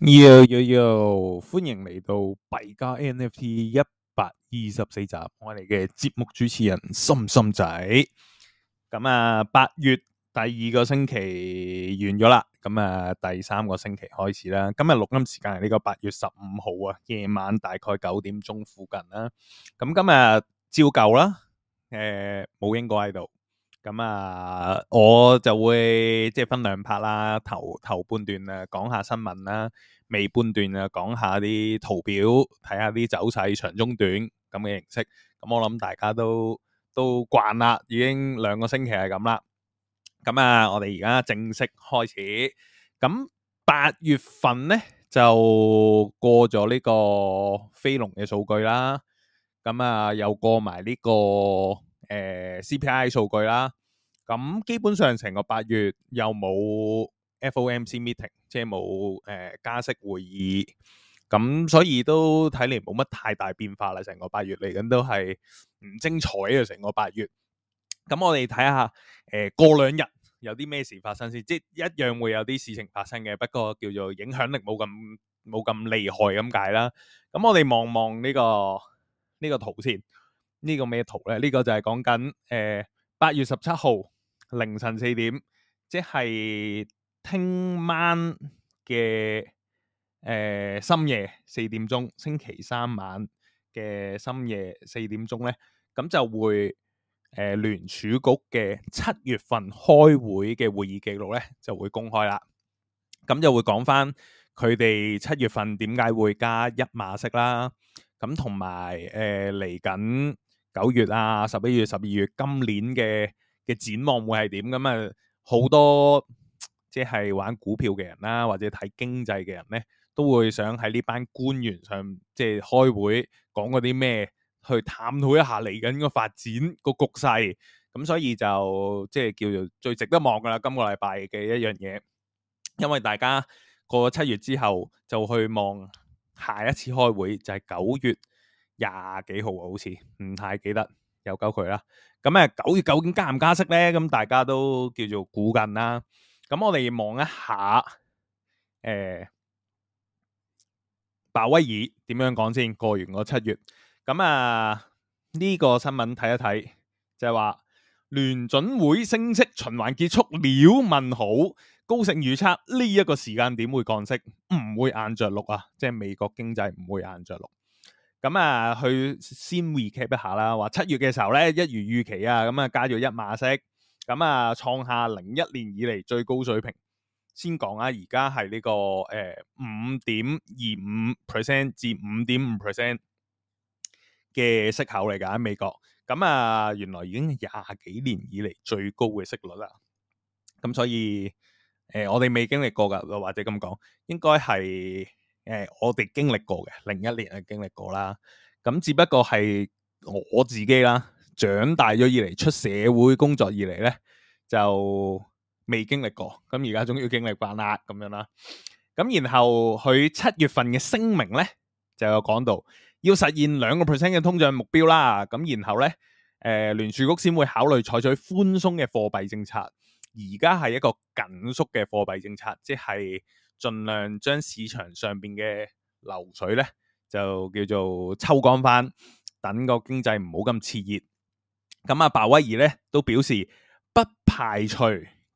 Yo yo yo, 歡迎嚟到幣加 NFT 一百二十四集，我哋嘅節目主持人心心仔。咁啊，八月第二個星期完咗啦，咁啊，第三個星期開始啦。今日錄音時間係呢個八月十五號啊，夜晚大概九點鐘附近啦，啊。咁今日照舊啦，誒，冇鷹哥喺度。咁啊，我就會即係分兩 part 啦，頭頭半段啊講下新聞啦、啊，尾半段啊講下啲圖表，睇下啲走勢長中短咁嘅形式。咁我諗大家都都慣啦，已經兩個星期係咁啦。咁啊，我哋而家正式開始。咁八月份咧就過咗呢個非農嘅數據啦，咁啊又過埋呢、這個誒、呃、CPI 數據啦。咁基本上成個八月又冇 FOMC meeting，即係冇誒加息會議，咁所以都睇嚟，冇乜太大變化啦。成個八月嚟緊都係唔精彩嘅成個八月。咁我哋睇下誒、呃、過兩日有啲咩事發生先，即一樣會有啲事情發生嘅，不過叫做影響力冇咁冇咁厲害咁解啦。咁我哋望望呢個呢、呢個圖先，呢個、圖呢個咩圖咧？呢、呢個就係講緊誒八月十七號，凌晨四點，即係聽晚嘅誒深夜四點鐘，星期三晚嘅深夜四點鐘呢，咁就會誒聯儲局嘅七月份開會嘅會議記錄呢就會公開啦。咁就會講返佢哋七月份點解會加一碼息啦。咁同埋誒嚟緊九月啊、十一月、十二月今年嘅。嘅展望會係點咁啊？好多即係玩股票嘅人啦、啊，或者睇經濟嘅人咧，都會想喺呢班官員上即係、就是、開會講嗰啲咩，去探討一下嚟緊個發展個局勢。咁、嗯、所以就即係、就是、叫做最值得望噶啦，今個禮拜嘅一樣嘢，因為大家過七月之後就去望下一次開會，就係、是、九月廿幾號、啊、好似唔太記得。有九佢啦，咁啊九月究竟加唔加息咧？咁大家都叫做估緊啦。咁我哋望一下，誒、呃，鮑威爾點樣講先？過完個七月，咁啊呢、這個新聞睇一睇，就係話聯準會升息循環結束了，問號高盛預測呢一、這個時間點會降息，唔會硬着陸啊，即係美國經濟唔會硬着陸。咁啊，去、嗯、先 recap 一下啦。話七月嘅時候咧，一如預期啊，咁啊加咗一碼息，咁啊創下零一年以嚟最高水平。先講啊，而家係呢個誒五點二五 percent 至五點五 percent 嘅息口嚟噶，喺美國咁啊、嗯嗯，原來已經廿幾年以嚟最高嘅息率啦。咁、嗯、所以誒、呃，我哋未經歷過噶，或者咁講，應該係。誒、呃，我哋經歷過嘅零一年係經歷過啦，咁只不過係我自己啦，長大咗以嚟出社會工作以嚟呢，就未經歷過，咁而家終要經歷翻啦咁樣啦。咁然後佢七月份嘅聲明呢，就有講到要實現兩個 percent 嘅通脹目標啦，咁然後呢，誒、呃、聯儲局先會考慮採取寬鬆嘅貨幣政策，而家係一個緊縮嘅貨幣政策，即係。盡量將市場上邊嘅流水咧，就叫做抽乾翻，等個經濟唔好咁熾熱。咁阿鮑威爾咧都表示，不排除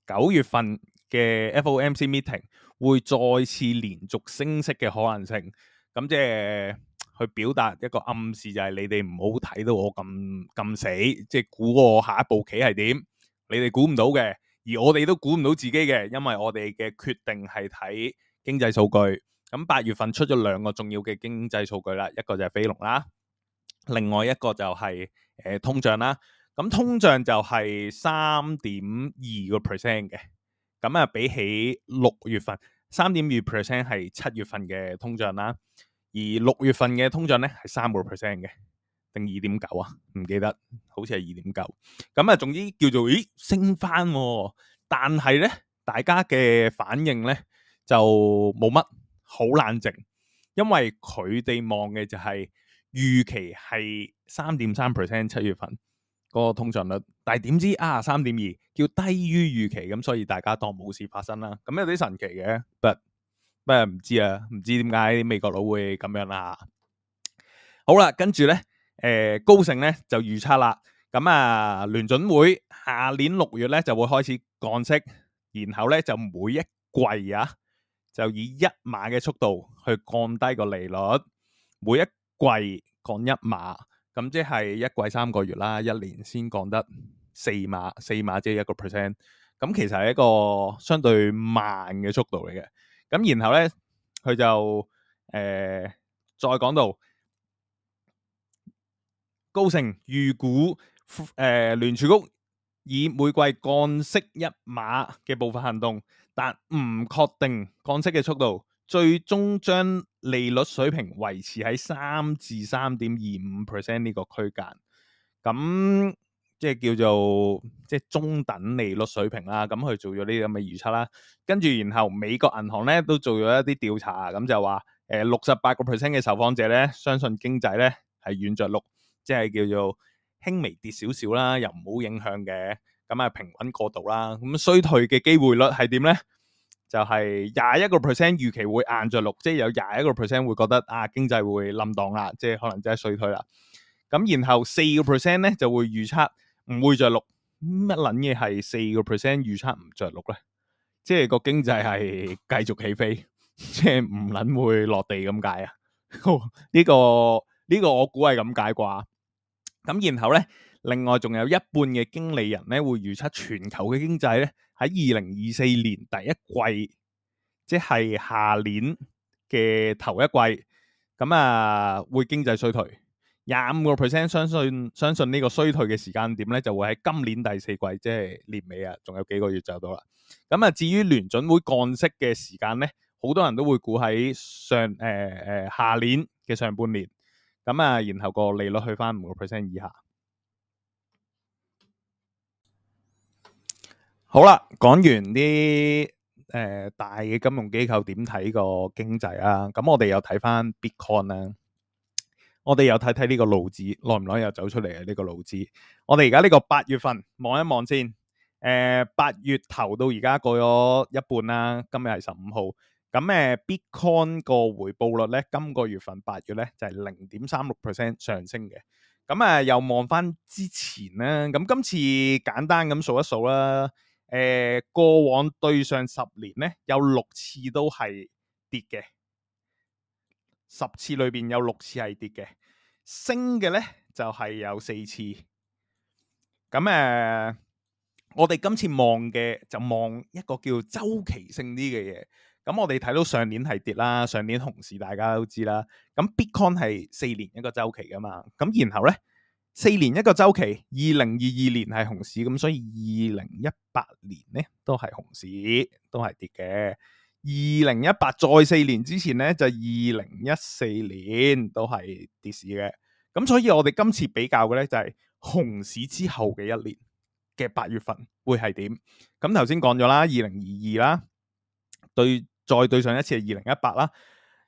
九月份嘅 FOMC meeting 會再次連續升息嘅可能性。咁，嗯，即係，呃，去表達一個暗示，就是，就係你哋唔好睇到我咁咁死，即係估我下一步棋係點，你哋估唔到嘅。而我哋都估唔到自己嘅，因為我哋嘅決定係睇經濟數據。咁八月份出咗兩個重要嘅經濟數據啦，一個就係非農啦，另外一個就係、是、誒、呃、通脹啦。咁通脹就係三點二個 percent 嘅。咁啊，比起六月份三點二 percent 係七月份嘅通脹啦，而六月份嘅通脹咧係三個 percent 嘅。定二點九啊，唔記得，好似係二點九。咁啊，總之叫做咦升翻、啊，但係咧，大家嘅反應咧就冇乜好冷靜，因為佢哋望嘅就係、是、預期係三點三 percent 七月份嗰、那個通脹率，但係點知啊三點二，叫低於預期，咁所以大家當冇事發生啦。咁有啲神奇嘅、啊，不過唔知啊，唔知點解美國佬會咁樣啦、啊。好啦，跟住咧。誒、呃，高盛咧就預測啦，咁、嗯、啊聯準會下年六月咧就會開始降息，然後咧就每一季啊就以一碼嘅速度去降低個利率，每一季降一碼，咁即係一季三個月啦，一年先降得四碼，四碼即係一個 percent，咁其實係一個相對慢嘅速度嚟嘅，咁然後咧佢就誒、呃、再講到。高盛預估，誒聯儲局以每季降息一碼嘅步伐行動，但唔確定降息嘅速度，最終將利率水平維持喺三至三點二五 percent 呢個區間，咁即係叫做即係中等利率水平啦。咁去做咗呢啲咁嘅預測啦，跟住然後美國銀行咧都做咗一啲調查，咁就話誒六十八個 percent 嘅受訪者咧相信經濟咧係軟着陸。即係叫做輕微跌少少啦，又唔好影響嘅，咁啊平穩過渡啦。咁衰退嘅機會率係點咧？就係廿一個 percent 預期會硬着陸，即係有廿一個 percent 會覺得啊經濟會冧檔啦，即係可能真係衰退啦。咁然後四個 percent 咧就會預測唔會着陸，乜撚嘢係四個 percent 預測唔着陸咧？即係個經濟係繼續起飛，即係唔撚會落地咁解啊？呢個呢個我估係咁解啩？咁然後咧，另外仲有一半嘅經理人咧，會預測全球嘅經濟咧喺二零二四年第一季，即係下年嘅頭一季，咁啊會經濟衰退廿五個 percent。相信相信呢個衰退嘅時間點咧，就會喺今年第四季，即係年尾啊，仲有幾個月就到啦。咁啊，至於聯准會降息嘅時間咧，好多人都會估喺上誒誒、呃呃、下年嘅上半年。咁啊，然後個利率去翻五個 percent 以下。好啦，講完啲誒、呃、大嘅金融機構點睇個經濟啊，咁我哋又睇翻 Bitcoin 啦。我哋又睇睇呢個路子，耐唔耐又走出嚟啊？呢個路子，我哋而家呢個八月份望一望先。誒、呃，八月頭到而家過咗一半啦，今日係十五號。咁誒、嗯、Bitcoin 個回報率咧，今個月份八月咧就係零點三六 percent 上升嘅。咁、嗯、誒，又望翻之前啦。咁、嗯、今次簡單咁數一數啦。誒、呃，過往對上十年咧，有六次都係跌嘅，十次裏邊有六次係跌嘅，升嘅咧就係、是、有四次。咁、嗯、誒、嗯，我哋今次望嘅就望一個叫周期性啲嘅嘢。咁、嗯、我哋睇到上年係跌啦，上年熊市大家都知啦。咁、嗯、Bitcoin 係四年一個周期噶嘛，咁然後呢，四年一個周期，二零二二年係熊市，咁所以二零一八年呢都係熊市，都係跌嘅。二零一八再四年之前呢，就二零一四年都係跌市嘅。咁、嗯、所以我哋今次比較嘅呢，就係、是、熊市之後嘅一年嘅八月份會係點？咁頭先講咗啦，二零二二啦，對。再對上一次係二零一八啦，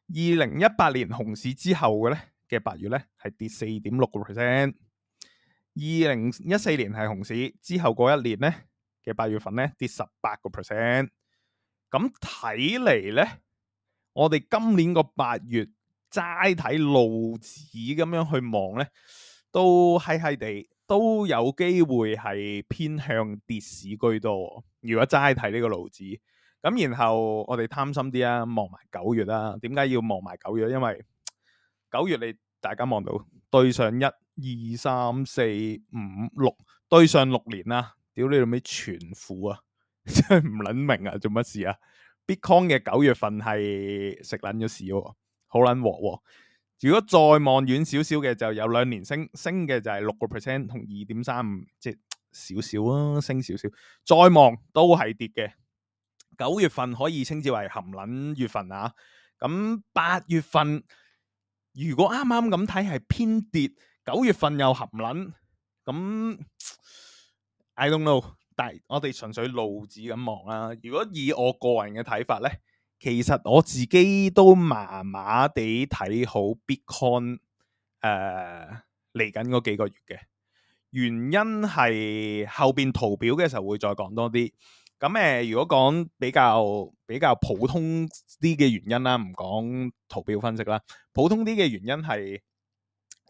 二零一八年熊市之後嘅咧嘅八月咧係跌四點六個 percent，二零一四年係熊市之後嗰一年咧嘅八月份咧跌十八個 percent，咁睇嚟咧，我哋今年個八月齋睇路紙咁樣去望咧，都稀稀地都有機會係偏向跌市居多，哦。如果齋睇呢個路紙。咁然後我哋貪心啲啊，望埋九月啦，啊。點解要望埋九月？因為九月你大家望到對上一二三四五六對上六年啊。屌你老味，全負啊！真係唔捻明啊，做乜事啊？Bitcoin 嘅九月份係食捻咗屎，好捻鑊。如果再望遠少少嘅，就有兩年升升嘅就係六個 percent 同二點三五，即係少少啊，升少少。再望都係跌嘅。九月份可以稱之為含撚月份啊，咁八月份如果啱啱咁睇係偏跌，九月份又含撚，咁 I don't know，但係我哋純粹路子咁望啦。如果以我個人嘅睇法呢，其實我自己都麻麻地睇好 Bitcoin 誒、呃、嚟緊嗰幾個月嘅原因係後邊圖表嘅時候會再講多啲。咁誒，如果講比較比較普通啲嘅原因啦，唔講圖表分析啦，普通啲嘅原因係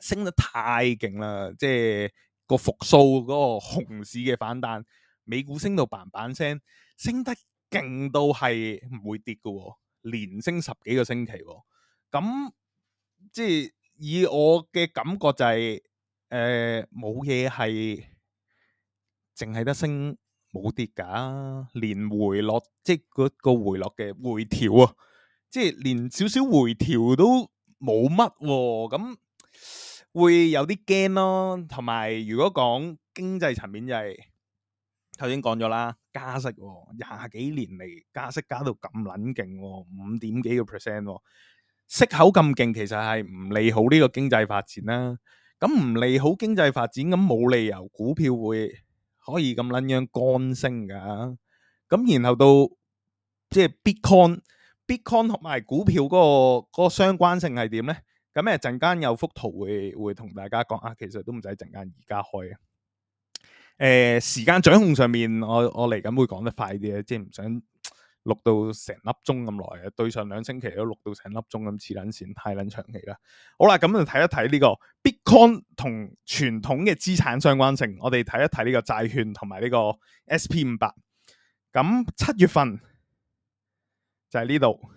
升得太勁啦，即係個復蘇嗰個熊市嘅反彈，美股升到嘭嘭聲，升得勁到係唔會跌㗎喎、哦，連升十幾個星期喎、哦，咁即係以我嘅感覺就係誒冇嘢係淨係得升。冇跌噶、啊，連回落即係個個回落嘅回調啊，即係連少少回調都冇乜、啊，咁、嗯、會有啲驚咯。同埋如果講經濟層面就係頭先講咗啦，加息廿、哦、幾年嚟，加息加到咁撚勁，五點幾個 percent，、哦、息口咁勁，其實係唔利好呢個經濟發展啦、啊。咁唔利好經濟發展，咁冇理由股票會。可以咁撚樣乾升㗎，咁然後到即係 Bitcoin、Bitcoin 同埋股票嗰個嗰個相關性係點咧？咁誒陣間有幅圖會會同大家講啊，其實都唔使陣間而家開啊。誒時間掌控上面，我我嚟緊會講得快啲啊，即係唔想錄到成粒鐘咁耐嘅，對上兩星期都錄到成粒鐘咁似撚線，太撚長期啦。好啦，咁就睇一睇呢個 Bitcoin 同傳統嘅資產相關性。我哋睇一睇呢個債券同埋呢個 SP 五百。咁七月份就喺呢度。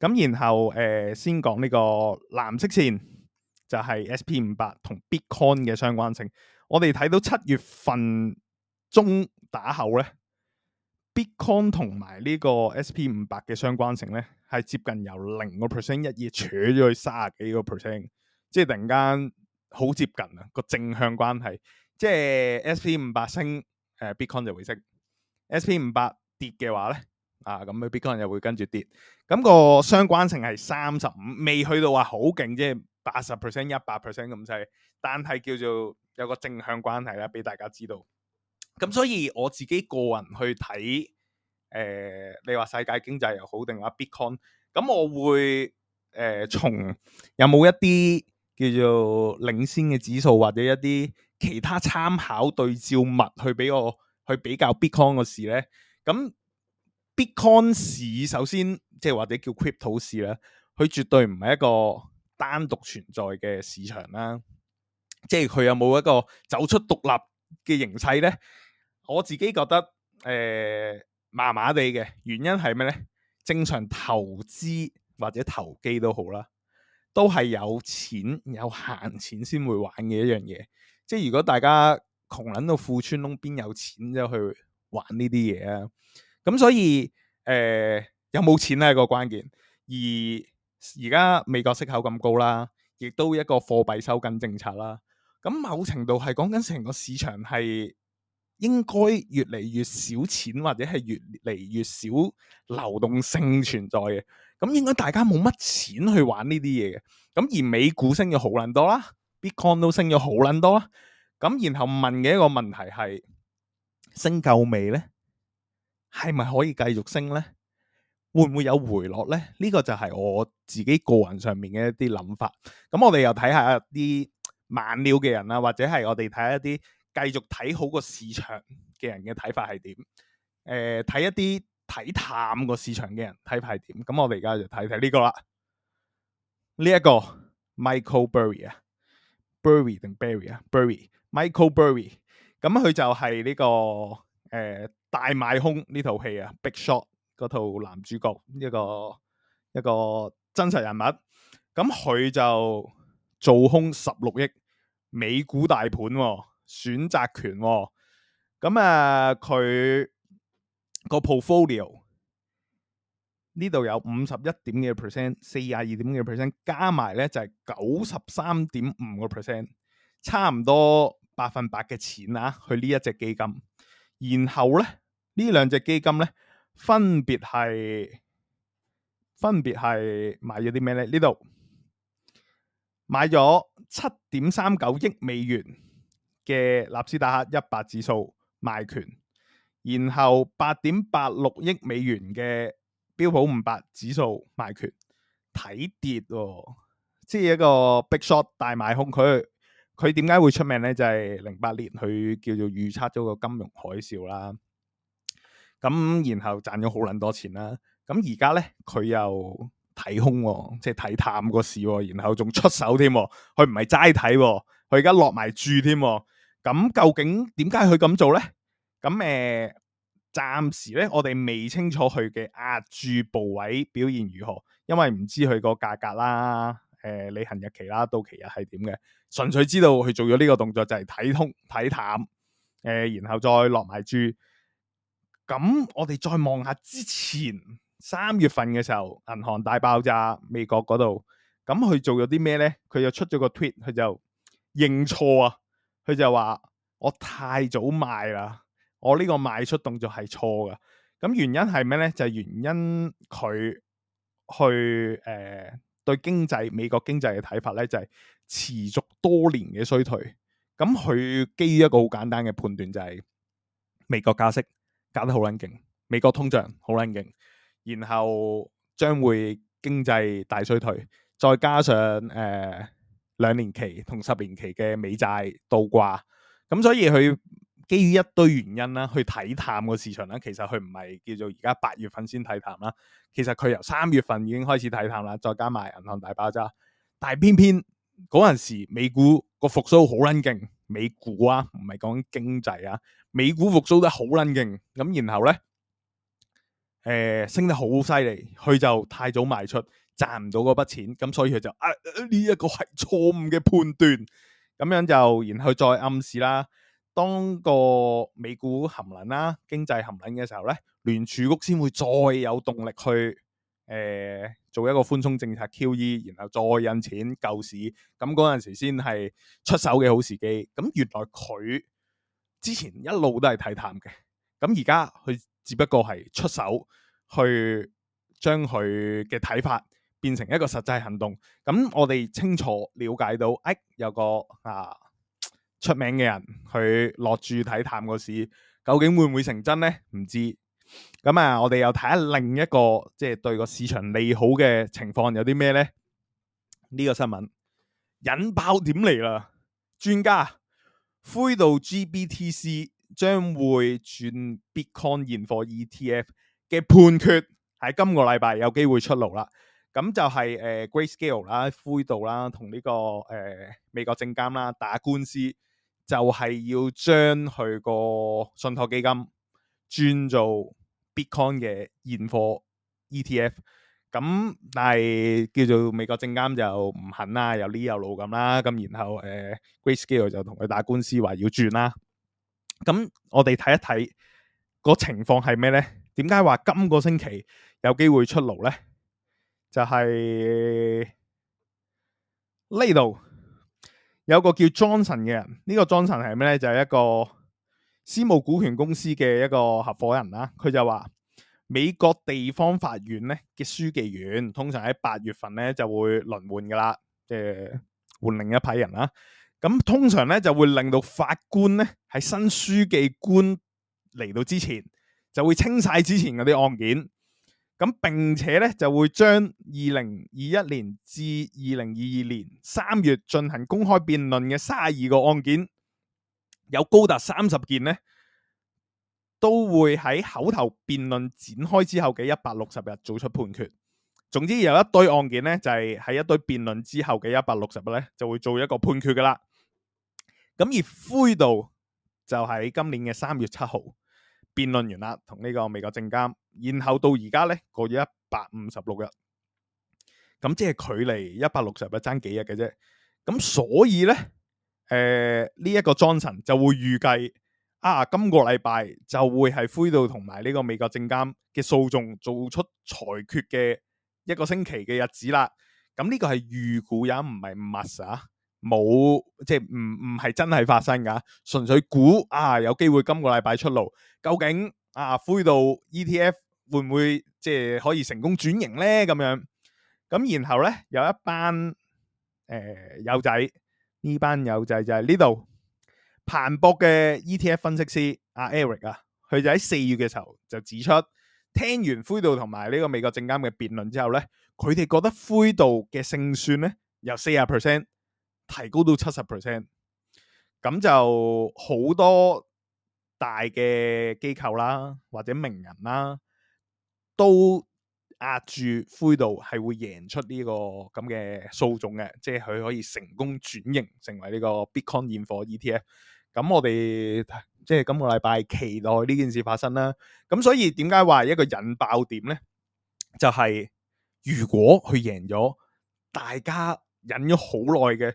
咁然後誒、呃，先講呢個藍色線就係、是、SP 五百同 Bitcoin 嘅相關性。我哋睇到七月份中打後咧，Bitcoin 同埋呢個 SP 五百嘅相關性咧，係接近由零個 percent 一嘢，坐咗去卅幾個 percent，即係突然間好接近啊、個正向關係。即係 SP 五百升，誒、呃、Bitcoin 就會升；SP 五百跌嘅話咧，啊咁嘅 Bitcoin 又會跟住跌。咁、個相關性係三十五，未去到話好勁，即係八十 percent、一百 percent 咁滯，但係叫做有個正向關係啦，俾大家知道。咁所以我自己個人去睇，誒、呃、你話世界經濟又好定話 Bitcoin，咁我會誒從、呃、有冇一啲叫做領先嘅指數或者一啲其他參考對照物去俾我去比較 Bitcoin 個市咧。咁 Bitcoin 市首先即係或者叫 Crypto 市咧，佢絕對唔係一個單獨存在嘅市場啦。即係佢有冇一個走出獨立嘅形勢咧？我自己覺得誒、呃、麻麻地嘅原因係咩呢？正常投資或者投機都好啦，都係有錢有閒錢先會玩嘅一樣嘢。嗯、即係如果大家窮撚到褲穿窿，邊有錢就去玩呢啲嘢啊？咁所以誒、呃、有冇錢咧個關鍵。而而家美國息口咁高啦，亦都一個貨幣收緊政策啦。咁某程度係講緊成個市場係。應該越嚟越少錢，或者係越嚟越少流動性存在嘅，咁應該大家冇乜錢去玩呢啲嘢嘅。咁而美股升咗好捻多啦，Bitcoin 都升咗好捻多啦。咁然後問嘅一個問題係升夠未呢？係咪可以繼續升呢？會唔會有回落呢？呢個就係我自己個人上面嘅一啲諗法。咁我哋又睇下啲晚料嘅人啦，或者係我哋睇一啲。繼續睇好個市場嘅人嘅睇法係點？誒、呃，睇一啲睇淡個市場嘅人睇法係點？咁我哋而家就睇睇呢個啦。呢、這、一個 Michael Burry Bur 啊，Burry 定 Barry 啊，Burry，Michael Burry，這個。咁佢就係呢個誒大賣空呢套戲啊，Big Shot 嗰套男主角一個一個真實人物。咁佢就做空十六億美股大盤，哦。選擇權咁，哦嗯，啊，佢個 portfolio 呢度，有五十一點幾嘅 percent，四十二點幾嘅 percent，加埋咧就係九十三點五個 percent，差唔多百分百嘅錢啊。去呢一隻基金，然後咧呢兩隻基金咧分別係分別係買咗啲咩咧？呢度買咗七點三九億美元嘅納斯達克一百指數賣權，然後八點八六億美元嘅標普五百指數賣權，睇跌、哦，即係一個 big short 大賣空。佢佢點解會出名咧？就係零八年佢叫做預測咗個金融海嘯啦。咁、嗯、然後賺咗好捻多錢啦。咁而家咧佢又睇空、哦，即係睇淡個市、哦，然後仲出手添。佢唔係齋睇，佢而家落埋注添。咁究竟點解佢咁做呢？咁誒、呃，暫時咧，我哋未清楚佢嘅壓住部位表現如何，因為唔知佢個價格啦，誒、呃，履行日期啦，到期日係點嘅。純粹知道佢做咗呢個動作就係睇通睇淡，誒、呃，然後再落埋注。咁我哋再望下之前三月份嘅時候，銀行大爆炸，美國嗰度，咁佢做咗啲咩呢？佢又出咗個 tweet，佢就認錯啊！佢就話我太早賣啦，我呢個賣出動作係錯噶。咁原因係咩呢？就係、是、原因佢去誒、呃、對經濟美國經濟嘅睇法呢，就係、是、持續多年嘅衰退。咁佢基於一個好簡單嘅判斷、就是，就係美國加息搞得好冷勁，美國通脹好冷勁，然後將會經濟大衰退，再加上誒。呃兩年期同十年期嘅美債倒掛，咁所以佢基於一堆原因啦，去睇淡個市場啦。其實佢唔係叫做而家八月份先睇淡啦，其實佢由三月份已經開始睇淡啦。再加埋銀行大爆炸，但係偏偏嗰陣時美股個復甦好撚勁，美股啊，唔係講經濟啊，美股復甦得好撚勁，咁然後呢，誒、呃、升得好犀利，佢就太早賣出。賺唔到嗰筆錢，咁所以佢就啊呢一、啊這個係錯誤嘅判斷，咁樣就然後再暗示啦。當個美股含冷啦、經濟含冷嘅時候呢聯儲局先會再有動力去誒、呃、做一個寬鬆政策 QE，然後再印錢救市。咁嗰陣時先係出手嘅好時機。咁、嗯、原來佢之前一路都係睇淡嘅，咁而家佢只不過係出手去將佢嘅睇法。變成一個實際行動，咁我哋清楚了解到，哎、欸，有個啊出名嘅人去落注睇淡個市，究竟會唔會成真呢？唔知。咁啊，我哋又睇下另一個，即、就、係、是、對個市場利好嘅情況有啲咩呢？呢、這個新聞引爆點嚟啦！專家灰度 GBTC 將會轉 Bitcoin 現貨 ETF 嘅判決喺今個禮拜有機會出爐啦。咁就係誒，Grayscale 啦，灰度啦，同呢、這個誒、呃、美國證監啦打官司，就係、是、要將佢個信託基金轉做 Bitcoin 嘅現貨 ETF。咁、嗯、但係叫做美國證監就唔肯啦，又呢有路咁啦。咁然後誒、呃、，Grayscale 就同佢打官司，話要轉啦。咁、嗯、我哋睇一睇、這個情況係咩呢？點解話今個星期有機會出爐呢？就係呢度有個叫莊臣嘅人，這個、呢個莊臣 h 係咩咧？就係、是、一個私募股權公司嘅一個合伙人啦。佢就話美國地方法院咧嘅書記員，通常喺八月份咧就會輪換噶啦，即係換另一批人啦。咁通常呢，就會令到法官咧喺新書記官嚟到之前，就會清晒之前嗰啲案件。咁並且咧，就會將二零二一年至二零二二年三月進行公開辯論嘅三十二個案件，有高達三十件咧，都會喺口頭辯論展開之後嘅一百六十日做出判決。總之有一堆案件咧，就係喺一堆辯論之後嘅一百六十日咧，就會做一個判決噶啦。咁而灰度就喺今年嘅三月七號。辯論完啦，同呢個美國證監，然後到而家呢，過咗一百五十六日，咁即係距離一百六十日爭幾日嘅啫，咁所以呢，誒呢一個 Johnson 就會預計啊今個禮拜就會係灰度同埋呢個美國證監嘅訴訟做出裁決嘅一個星期嘅日子啦，咁、嗯、呢、這個係預估也唔係 must。啊。冇即係唔唔係真係發生噶，純粹估啊有機會今個禮拜出爐，究竟啊灰度 ETF 會唔會即係可以成功轉型咧？咁樣咁然後咧有一班誒友仔，呢班友仔就喺呢度，彭博嘅 ETF 分析師阿 Eric 啊，佢就喺四月嘅時候就指出，聽完灰度同埋呢個美國證監嘅辯論之後咧，佢哋覺得灰度嘅勝算咧有四十 percent。提高到七十 percent，咁就好多大嘅機構啦，或者名人啦，都壓住灰度係會贏出呢、這個咁嘅訴訟嘅，即係佢可以成功轉型成為呢個 Bitcoin 現貨 ETF。咁我哋即係今個禮拜期，期待呢件事發生啦。咁所以點解話一個引爆點咧？就係、是、如果佢贏咗，大家忍咗好耐嘅。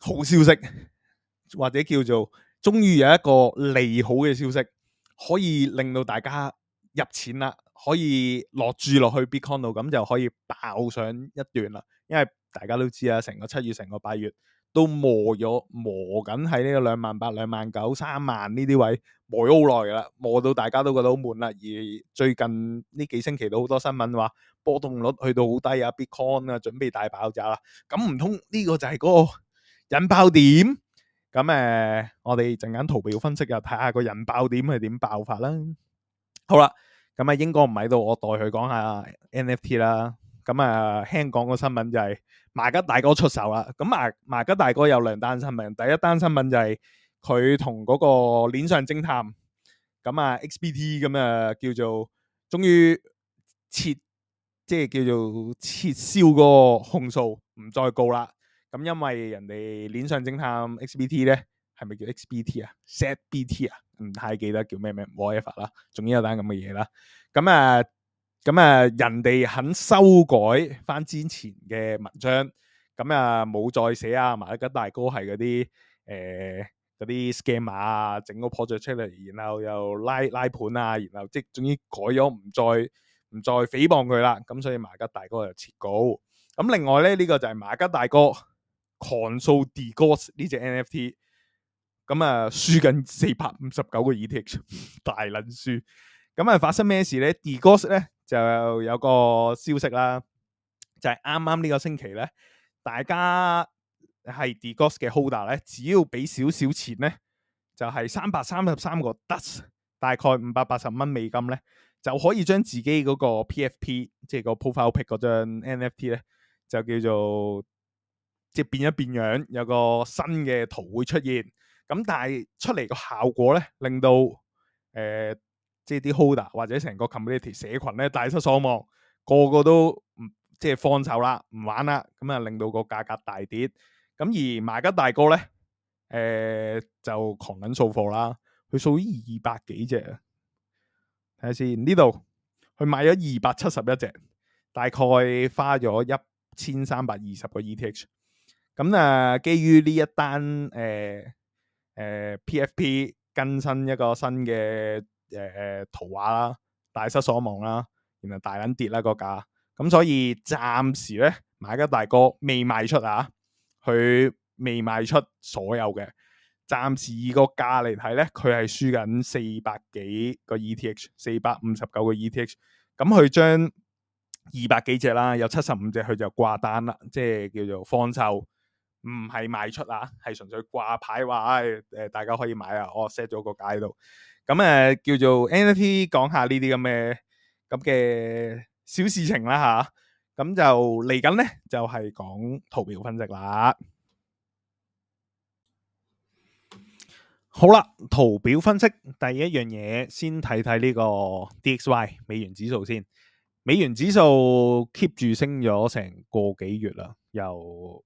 好消息或者叫做，終於有一個利好嘅消息，可以令到大家入錢啦，可以落注落去 Bitcoin 度，咁就可以爆上一段啦。因為大家都知啊，成個七月成個八月都磨咗磨緊喺呢個兩萬八、兩萬九、三萬呢啲位磨咗好耐噶啦，磨到大家都覺得好悶啦。而最近呢幾星期都好多新聞話波動率去到好低啊，Bitcoin 啊，準備大爆炸啦。咁唔通呢個就係嗰個？引爆點，咁誒、呃，我哋陣間圖表分析又睇下個引爆點係點爆發啦。好啦，咁啊，英哥唔喺度，我代佢講下 NFT 啦。咁啊，輕講個新聞就係、是、麻吉大哥出手啦。咁麻麻吉大哥有兩單新聞，第一單新聞就係佢同嗰個鏈上偵探，咁啊 XBT 咁啊叫做終於撤，即係叫做撤銷嗰個控訴，唔再告啦。咁因為人哋鏈上偵探 XBT 咧，係咪叫 XBT 啊？Set BT 啊？唔太記得叫咩咩。whatever 啦，總之有單咁嘅嘢啦。咁啊，咁啊，人哋肯修改翻之前嘅文章，咁啊冇再寫啊麻吉大哥係嗰啲誒嗰啲 scam 啊，整個 project 出嚟，然後又拉拉盤啊，然後即係終於改咗，唔再唔再誹謗佢啦。咁所以麻吉大哥又撤稿。咁另外咧，呢個就係麻吉大哥。狂掃 DeGods 呢隻 NFT，咁啊輸緊四百五十九個 ETH 大撚輸。咁啊發生咩事咧？DeGods 咧就有個消息啦，就係啱啱呢個星期咧，大家係 DeGods 嘅 Holder 咧，只要俾少少錢咧，就係三百三十三個 Dust，大概五百八十蚊美金咧，就可以將自己嗰個 PFP，即係個 Profile Pic 嗰張 NFT 咧，就叫做。即係變一變樣，有個新嘅圖會出現，咁但係出嚟個效果咧，令到誒，即、呃、係啲、就是、holder 或者成個 community 社群咧，大失所望，個個都即係、呃就是、放手啦，唔玩啦，咁啊令到個價格大跌，咁而麻吉大哥咧，誒、呃、就狂緊掃貨啦，佢掃咗二百幾隻，睇下先，呢度，佢買咗二百七十一隻，大概花咗一千三百二十個 ETH。咁啊，基於呢一單誒誒、呃呃、PFP 更新一個新嘅誒誒圖畫啦，大失所望啦，原來大捻跌啦、個價，咁所以暫時咧，買家大哥未賣出啊，佢未賣出所有嘅，暫時以個價嚟睇咧，佢係輸緊四百幾個 ETH，四百五十九個 ETH，咁佢將二百幾隻啦，有七十五隻佢就掛單啦，即係叫做放售。唔係賣出啊，係純粹掛牌話，誒、呃，大家可以買啊，我 set 咗個價喺度。咁誒、呃，叫做 NFT，講下呢啲咁嘅咁嘅小事情啦吓。咁、啊、就嚟緊咧，就係講圖表分析啦。好啦，圖表分析第一樣嘢，先睇睇呢個 DXY 美元指數先。美元指數 keep 住升咗成個幾月啦，又。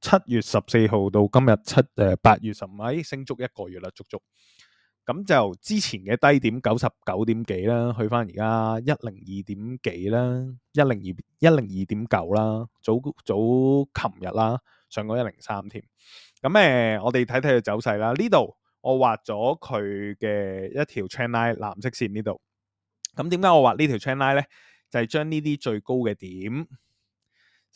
七月十四號到今日七誒、呃、八月十五號、哎、升足一個月啦，足足咁就之前嘅低點九十九點幾啦，去翻而家一零二點幾啦，一零二一零二點九啦，早早琴日啦，上過一零三添。咁誒、呃，我哋睇睇佢走勢啦。呢度我畫咗佢嘅一條 channel 藍色線呢度。咁點解我畫條呢條 channel 咧？就係、是、將呢啲最高嘅點。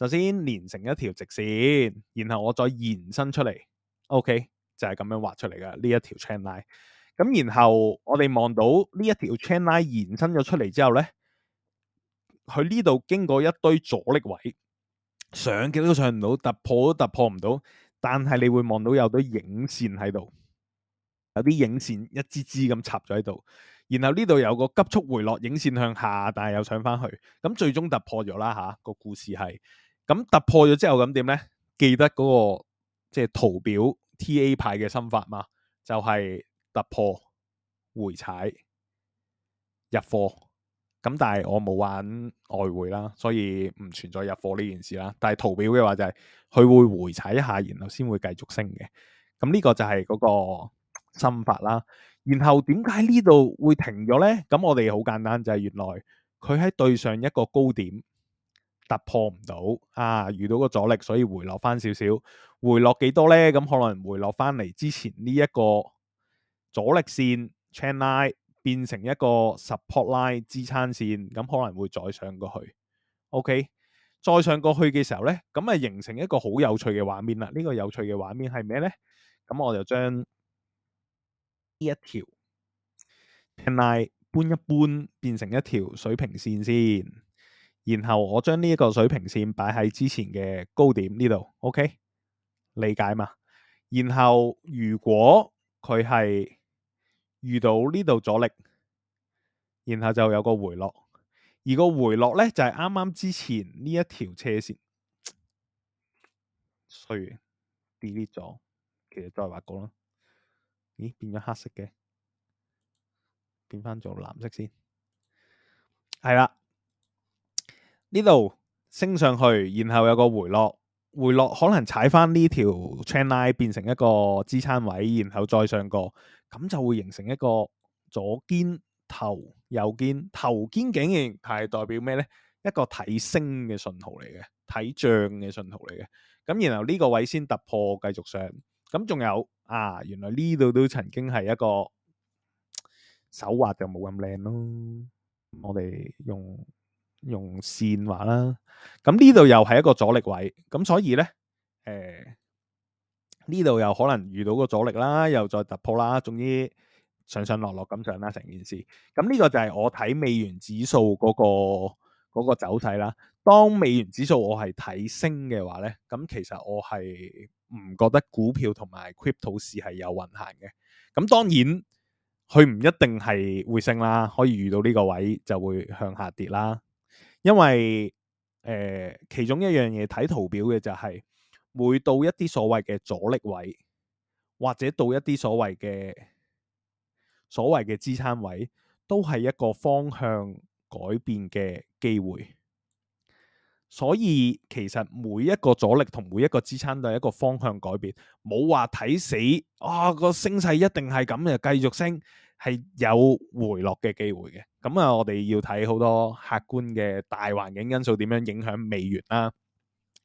首先連成一條直綫，然後我再延伸出嚟，OK 就係咁樣畫出嚟嘅呢一條 trend line。咁然後我哋望到呢一條 trend line 延伸咗出嚟之後呢，佢呢度經過一堆阻力位，上幾都上唔到，突破都突破唔到，但係你會望到有堆影綫喺度，有啲影綫一支支咁插咗喺度。然後呢度有個急速回落，影綫向下，但係又上翻去，咁最終突破咗啦吓。個故事係。咁突破咗之後，咁點咧？記得嗰、那個即係、就是、圖表 TA 派嘅心法嘛？就係、是、突破回踩入貨。咁但係我冇玩外匯啦，所以唔存在入貨呢件事啦。但係圖表嘅話就係、是、佢會回踩一下，然後先會繼續升嘅。咁呢個就係嗰個心法啦。然後點解呢度會停咗咧？咁我哋好簡單就係、是、原來佢喺對上一個高點。突破唔到啊，遇到個阻力，所以回落翻少少。回落幾多呢？咁可能回落翻嚟之前呢一個阻力線 channel 變成一個 support line 支撐線，咁可能會再上過去。OK，再上過去嘅時候呢，咁啊形成一個好有趣嘅畫面啦。呢、這個有趣嘅畫面係咩呢？咁我就將呢一條 channel 搬一搬，變成一條水平線先。然後我將呢一個水平線擺喺之前嘅高點呢度，OK 理解嘛？然後如果佢係遇到呢度阻力，然後就有個回落，而個回落咧就係啱啱之前呢一條斜線，雖然 delete 咗，其實再畫過啦。咦？變咗黑色嘅，變翻做藍色先，係啦。呢度升上去，然後有個回落，回落可能踩翻呢條 channel line 變成一個支撐位，然後再上過，咁就會形成一個左肩頭右肩頭肩頸型係代表咩呢？一個睇升嘅信號嚟嘅，睇漲嘅信號嚟嘅。咁然後呢個位先突破，繼續上。咁仲有啊，原來呢度都曾經係一個手畫就冇咁靚咯。我哋用。用線畫啦，咁呢度又係一個阻力位，咁所以呢，誒、呃，呢度又可能遇到個阻力啦，又再突破啦，總之上上落落咁上啦，成件事。咁呢個就係我睇美元指數嗰、嗰個、嗰個走勢啦。當美元指數我係睇升嘅話呢，咁其實我係唔覺得股票同埋 crypto 市係有運行嘅。咁當然，佢唔一定係會升啦，可以遇到呢個位就會向下跌啦。因為誒、呃，其中一樣嘢睇圖表嘅就係、是，每到一啲所謂嘅阻力位，或者到一啲所謂嘅所謂嘅支撐位，都係一個方向改變嘅機會。所以其實每一個阻力同每一個支撐都係一個方向改變，冇話睇死啊個升勢一定係咁嘅繼續升。係有回落嘅機會嘅，咁啊，我哋要睇好多客觀嘅大環境因素點樣影響美元啦、啊。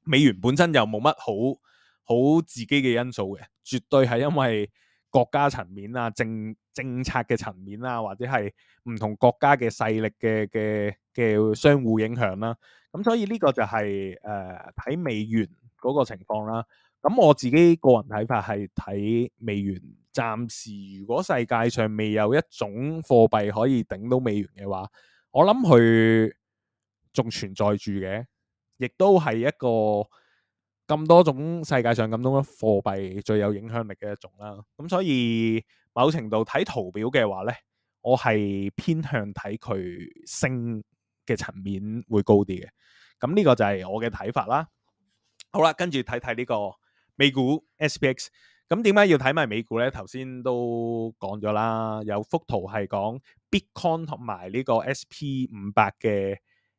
美元本身就冇乜好好自己嘅因素嘅，絕對係因為國家層面啊政政策嘅層面啊，或者係唔同國家嘅勢力嘅嘅嘅相互影響啦、啊。咁所以呢個就係誒睇美元嗰個情況啦。咁我自己個人睇法係睇美元。暫時如果世界上未有一種貨幣可以頂到美元嘅話，我諗佢仲存在住嘅，亦都係一個咁多種世界上咁多貨幣最有影響力嘅一種啦。咁所以某程度睇圖表嘅話呢，我係偏向睇佢升嘅層面會高啲嘅。咁呢個就係我嘅睇法啦。好啦，跟住睇睇呢個美股 SPX。咁點解要睇埋美股咧？頭先都講咗啦，有幅圖係講 Bitcoin 同埋呢個 S P 五百嘅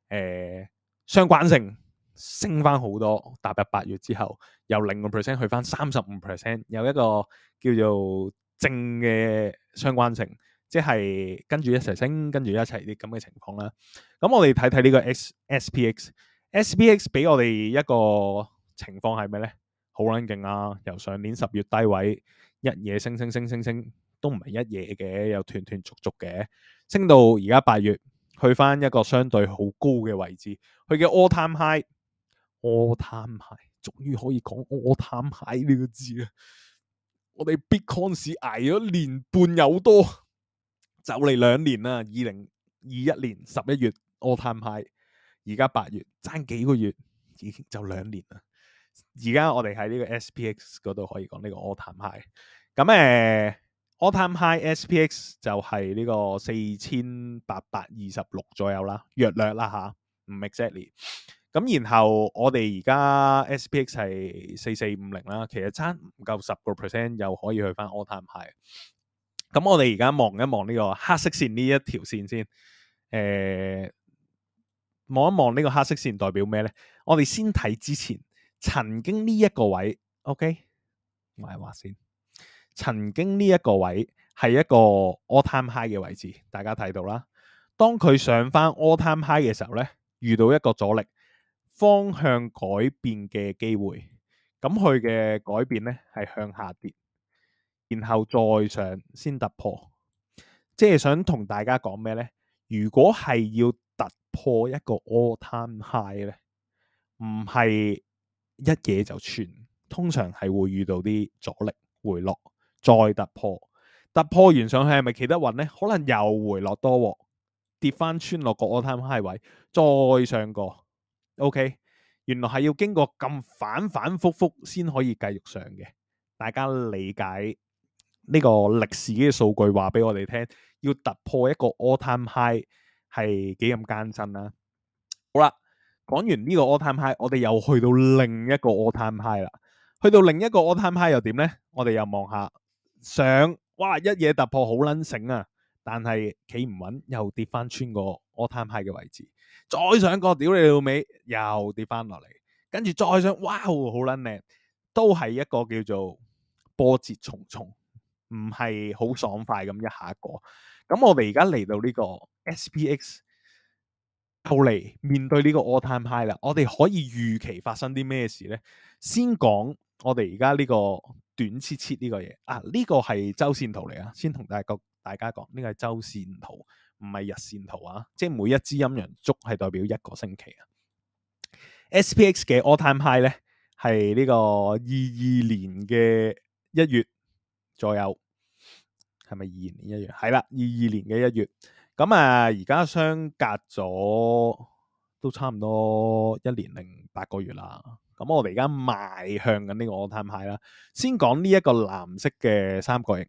誒相關性升翻好多，踏入八月之後由零個 percent 去翻三十五 percent，有一個叫做正嘅相關性，即係跟住一齊升，跟住一齊啲咁嘅情況啦。咁我哋睇睇呢個 S S P X S P X 俾我哋一個情況係咩咧？好撚勁啊！由上年十月低位一夜升升升升升，都唔係一夜嘅，又斷斷續續嘅，升到而家八月去翻一個相對好高嘅位置，佢嘅 all time high，all time high，終於可以講 all time high 呢個字啊。我哋 Bitcoin 市捱咗年半有多，就嚟兩年啦，二零二一年十一月 all time high，而家八月爭幾個月，已經就兩年啦。而家我哋喺呢個 S P X 度可以講呢個 all time high。咁誒、呃、all time high S P X 就係呢個四千八百二十六左右啦，約略啦吓，唔 exactly。咁然後我哋而家 S P X 係四四五零啦，其實差唔夠十個 percent 又可以去返 all time high。咁我哋而家望一望呢個黑色線呢一條線先，誒、呃，望一望呢個黑色線代表咩咧？我哋先睇之前。曾經呢一個位，OK，我係話先。曾經呢一個位係一個 all time high 嘅位置，大家睇到啦。當佢上翻 all time high 嘅時候呢，遇到一個阻力，方向改變嘅機會。咁佢嘅改變呢係向下跌，然後再上先突破。即係想同大家講咩呢？如果係要突破一個 all time high 呢，唔係。一嘢就穿，通常係會遇到啲阻力回落，再突破，突破完上去係咪企得穩呢？可能又回落多，跌翻穿落個 all time high 位，再上個，OK，原來係要經過咁反反復復先可以繼續上嘅，大家理解呢個歷史嘅數據話俾我哋聽，要突破一個 all time high 係幾咁艱辛啦、啊。好啦。講完呢個 all time high，我哋又去到另一個 all time high 啦。去到另一個 all time high 又點呢？我哋又望下上，哇！一嘢突破好撚醒啊，但係企唔穩，又跌翻穿個 all time high 嘅位置。再上個，屌你老味，又跌翻落嚟。跟住再上，哇！好撚靚，都係一個叫做波折重重，唔係好爽快咁一下過。咁我哋而家嚟到呢個 SPX。後嚟面對呢個 all time high 啦，我哋可以預期發生啲咩事咧？先講我哋而家呢個短切切呢個嘢啊，呢、這個係周線圖嚟啊，先同大家大家講，呢、這個係周線圖，唔係日線圖啊，即係每一支陰陽燭係代表一個星期啊。S P X 嘅 all time high 咧係呢個二二年嘅一月左右，係咪二二年一月？係啦，二二年嘅一月。咁啊，而家相隔咗都差唔多一年零八個月啦。咁我哋而家邁向緊呢個 All-time High 啦。先講呢一個藍色嘅三角形。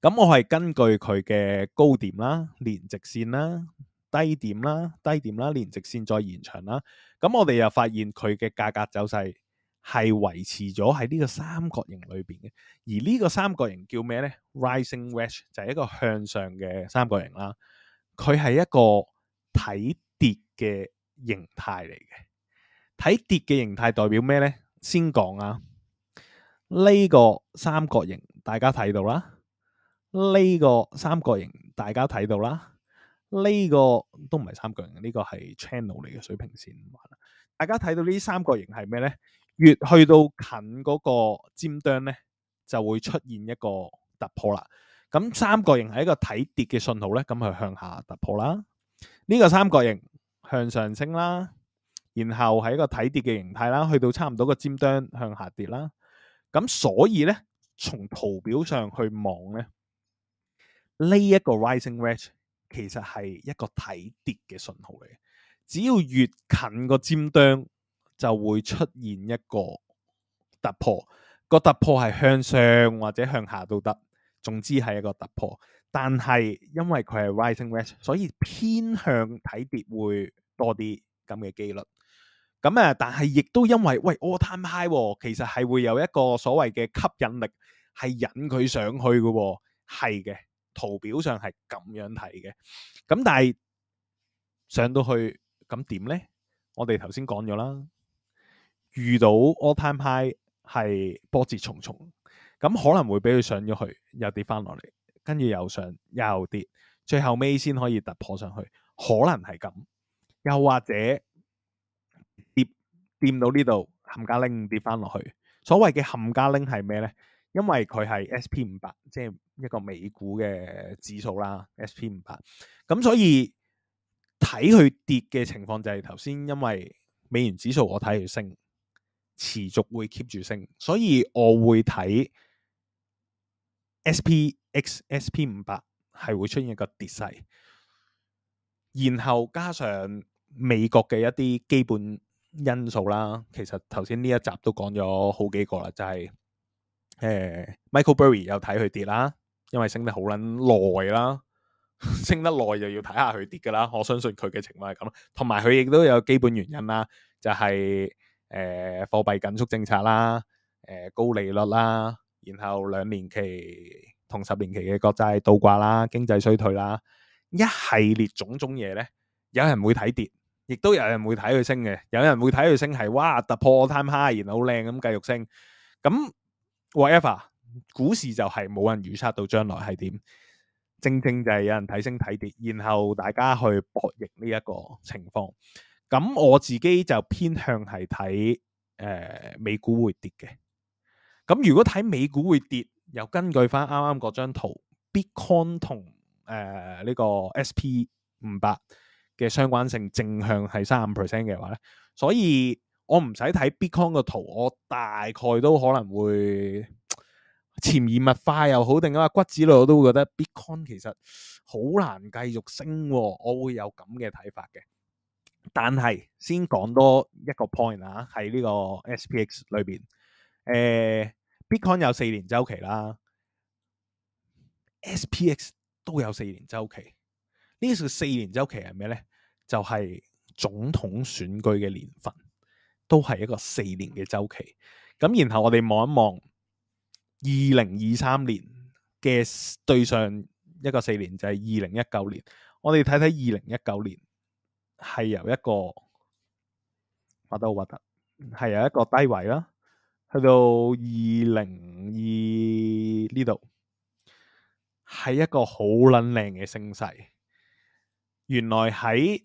咁我係根據佢嘅高點啦、連直線啦、低點啦、低點啦、連直線再延長啦。咁我哋又發現佢嘅價格走勢。係維持咗喺呢個三角形裏邊嘅，而呢個三角形叫咩呢？Rising wedge 就係一個向上嘅三角形啦，佢係一個睇跌嘅形態嚟嘅。睇跌嘅形態代表咩呢？先講啊，呢個三角形大家睇到啦，呢個三角形大家睇到啦，呢個都唔係三角形，呢個係 channel 嚟嘅水平線。大家睇到呢三角形係咩呢？越去到近嗰個尖端咧，就會出現一個突破啦。咁三角形係一個睇跌嘅信號咧，咁係向下突破啦。呢、這個三角形向上升啦，然後係一個睇跌嘅形態啦，去到差唔多個尖端向下跌啦。咁所以咧，從圖表上去望咧，呢、這個、一個 rising wedge 其實係一個睇跌嘅信號嚟嘅。只要越近個尖端，就會出現一個突破，個突破係向上或者向下都得，總之係一個突破。但係因為佢係 rising wave，所以偏向睇跌會多啲咁嘅幾率。咁啊，但係亦都因為喂 all time high，哦、其實係會有一個所謂嘅吸引力，係引佢上去嘅、哦。係嘅，圖表上係咁樣睇嘅。咁但係上到去咁點呢？我哋頭先講咗啦。遇到 all time high 係波折重重，咁可能會俾佢上咗去，又跌翻落嚟，跟住又上又跌，最後尾先可以突破上去，可能係咁。又或者跌跌到呢度，冚家拎跌翻落去。所謂嘅冚家拎係咩咧？因為佢係 S P 五百，即係一個美股嘅指數啦，S P 五百。咁所以睇佢跌嘅情況就係頭先，因為美元指數我睇佢升。持續會 keep 住升，所以我會睇 S P X S P 五百係會出現一個跌勢，然後加上美國嘅一啲基本因素啦。其實頭先呢一集都講咗好幾個啦，就係、是、誒、哎、Michael Burry 又睇佢跌啦，因為升得好捻耐啦， 升得耐又要睇下佢跌噶啦。我相信佢嘅情況係咁，同埋佢亦都有基本原因啦，就係、是。誒貨幣緊縮政策啦，誒高利率啦，然後兩年期同十年期嘅國債倒掛啦，經濟衰退啦，一系列種種嘢呢，有人會睇跌，亦都有人會睇佢升嘅，有人會睇佢升係哇突破 time high，然後好靚咁繼續升，咁 whatever，股市就係冇人預測到將來係點，正正就係有人睇升睇跌，然後大家去博弈呢一個情況。咁我自己就偏向係睇誒美股會跌嘅。咁如果睇美股會跌，又根據翻啱啱嗰張圖，Bitcoin 同誒呢個 SP 五百嘅相關性正向係三十五 percent 嘅話咧，所以我唔使睇 Bitcoin 個圖，我大概都可能會潛移默化又好定啊骨子裏我都會覺得 Bitcoin 其實好難繼續升，我會有咁嘅睇法嘅。但係先講多一個 point 啊，喺呢個 S P X 裏邊，誒、呃，Bitcoin 有四年周期啦，S P X 都有四年周期。呢個四年周期係咩咧？就係總統選舉嘅年份，都係一個四年嘅周期。咁然後我哋望一望二零二三年嘅對上一個四年就係二零一九年，我哋睇睇二零一九年。係由一個覺得好核突，係由一個低位啦，去到二零二呢度，係一個好撚靚嘅升勢。原來喺